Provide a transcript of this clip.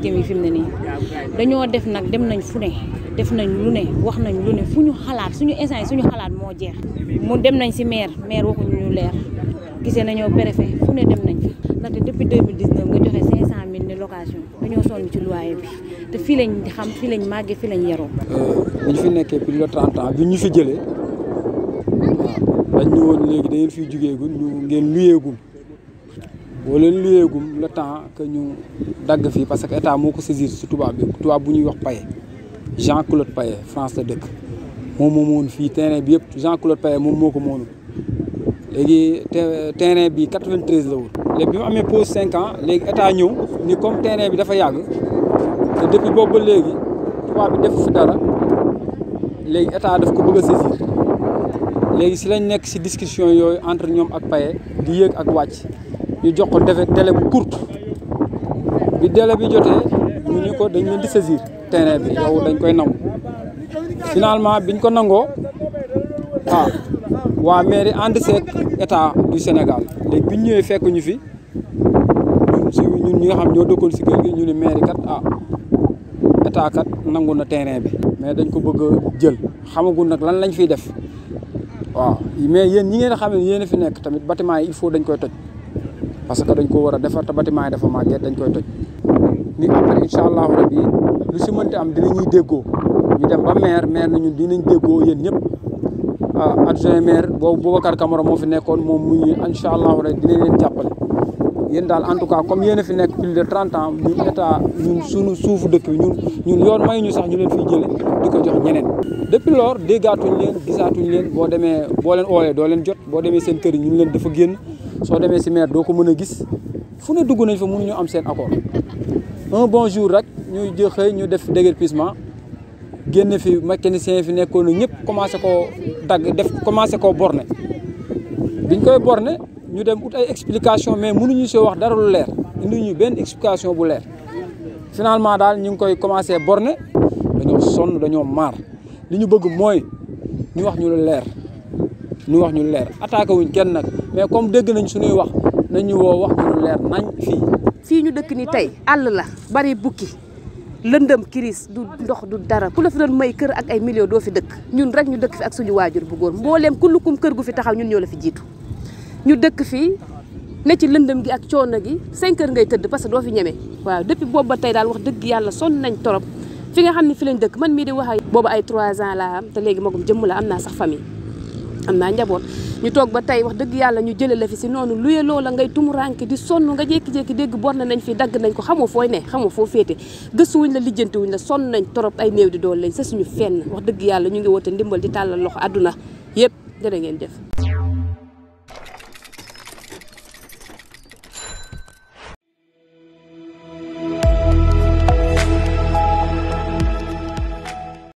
victimes yi fi ne nii dañoo def nag dem nañ fu ne def nañ lu ne wax nañ lu ne fu ñu xalaat suñu instant yi suñu xalaat moo jeex mu dem nañ si maire maire waxuñu ñu leer gisee nañoo préfet fu ne dem nañ fi ndaxte depuis 2019 nga joxe 500000 ne location dañoo sonn ci loyer bi te fii lañ xam fii lañ màggee fii lañ yaroo. Euh, bi fi nekkee plus de 30 ans bi ñu fi jëlee waaw dañ ñu woon léegi da ngeen fiy jugeegul ñu ngeen luyeegul. boo leen luyeegum le temps que ñu dagg fii parce que état moo ko saisir si tubaab bi tubaab bu ñuy wax Paye Jean Claude Paye France la dëkk moom moo moon fii terrain bi yëpp Jean Claude Paye moom moo ko moonu léegi terrain bi 93 la woon. léegi bi mu amee pause 5 ans léegi état ñëw ni comme terrain bi dafa yàgg te depuis boobu léegi tubaab bi defu dara léegi état daf ko bëgg a léegi si lañ nekk si discussion yooyu entre ñoom ak Paye di yéeg ak wàcc. ñu jox ko defe délai bu courte bi délai bi jotee ñu ni ko dañ leen di saisir terrain bi yow dañ koy nangu finalement biñ ko nangoo ah waa mairie ànd seeg état du Sénégal léegi biñ ñëwee fekk ñu fi ñun si ñun ñi nga xam ñoo dëkkoon si kër ñu ne mairie kat ah état kat nangu na terrain bi mais dañ ko bëgg a jël xamagul nag lan lañ fiy def waaw mais yéen ñi ngeen xam ne yéen a fi nekk tamit bâtiment yi il faut dañ koy toj parce que dañ ko war a defar te bâtiment yi dafa màggee dañ koy toj ni après incha allahu rabi lu si mënti am dinañuy déggoo ñu dem ba maire maire nañu dinañ déggoo yéen ñëpp ah, adjoint maire boobu Boubacar Camara moo fi nekkoon moom mu ñu incha allahu rabi dinañ leen jàppale yéen daal en tout cas comme yéen fi nekk plus de trente ans ñun état ñun suñu suufu dëkk bi ñun ñun yoon may ñu sax ñu leen fiy jële di ko jox ñeneen depuis lors déggaatuñ leen gisaatuñ leen boo demee boo leen doo leen jot boo demee kër yi leen dafa génn soo demee si maire ko mën gis ne nañ fa mënuñu am un bon jour rek ñu jëxëy ñu def déguerpissement génn fi mécanicien fi commencé koo dagg def commencé koo borne biñ koy ñu dem ay explication mais mënuñu si wax dara lu leer benn explication bu finalement daal ñu ngi koy commencé borne dañoo sonn dañoo maar li ñu bëgg mooy ñu wax ñu lu leer ñu wax ñu wuñ mais comme dëgg nañ suñuy wax nañu woo wax ñu leer nañ fii. fii ñu dëkk nii tey àll la bari bukki lëndëm kiris du ndox du dara ku la fi doon may kër ak ay millions doo fi dëkk ñun rek ñu dëkk fi ak suñu waajur bu góor mbooleem kullukum kër gu fi taxaw ñun ñoo la fi jiitu ñu dëkk fii ne ci lëndëm gi ak coono gi cinq heures ngay tëdd parce que doo fi ñeme waaw depuis boobu ba tey daal wax dëgg yàlla sonn nañ torop fi nga xam ne fi lañ dëkk man mii de wax ak boobu ay trois ans laa am te léegi magum jëmm la am naa sax famille am naa njaboot ñu toog ba tey wax dëgg yàlla ñu jëlee la fi si noonu luye loola ngay tumuranke di sonn nga jékki-jékki dégg bor na nañ fi dagg nañ ko xamoo fooy ne xamoo foo féete gëstuwuñ la lijjantiwuñ la sonn nañ torop ay néew di dool lañ sa suñu fenn wax dëgg yàlla ñu ngi woote ndimbal di tàllal loxo àdduna yëpp dana ngeen def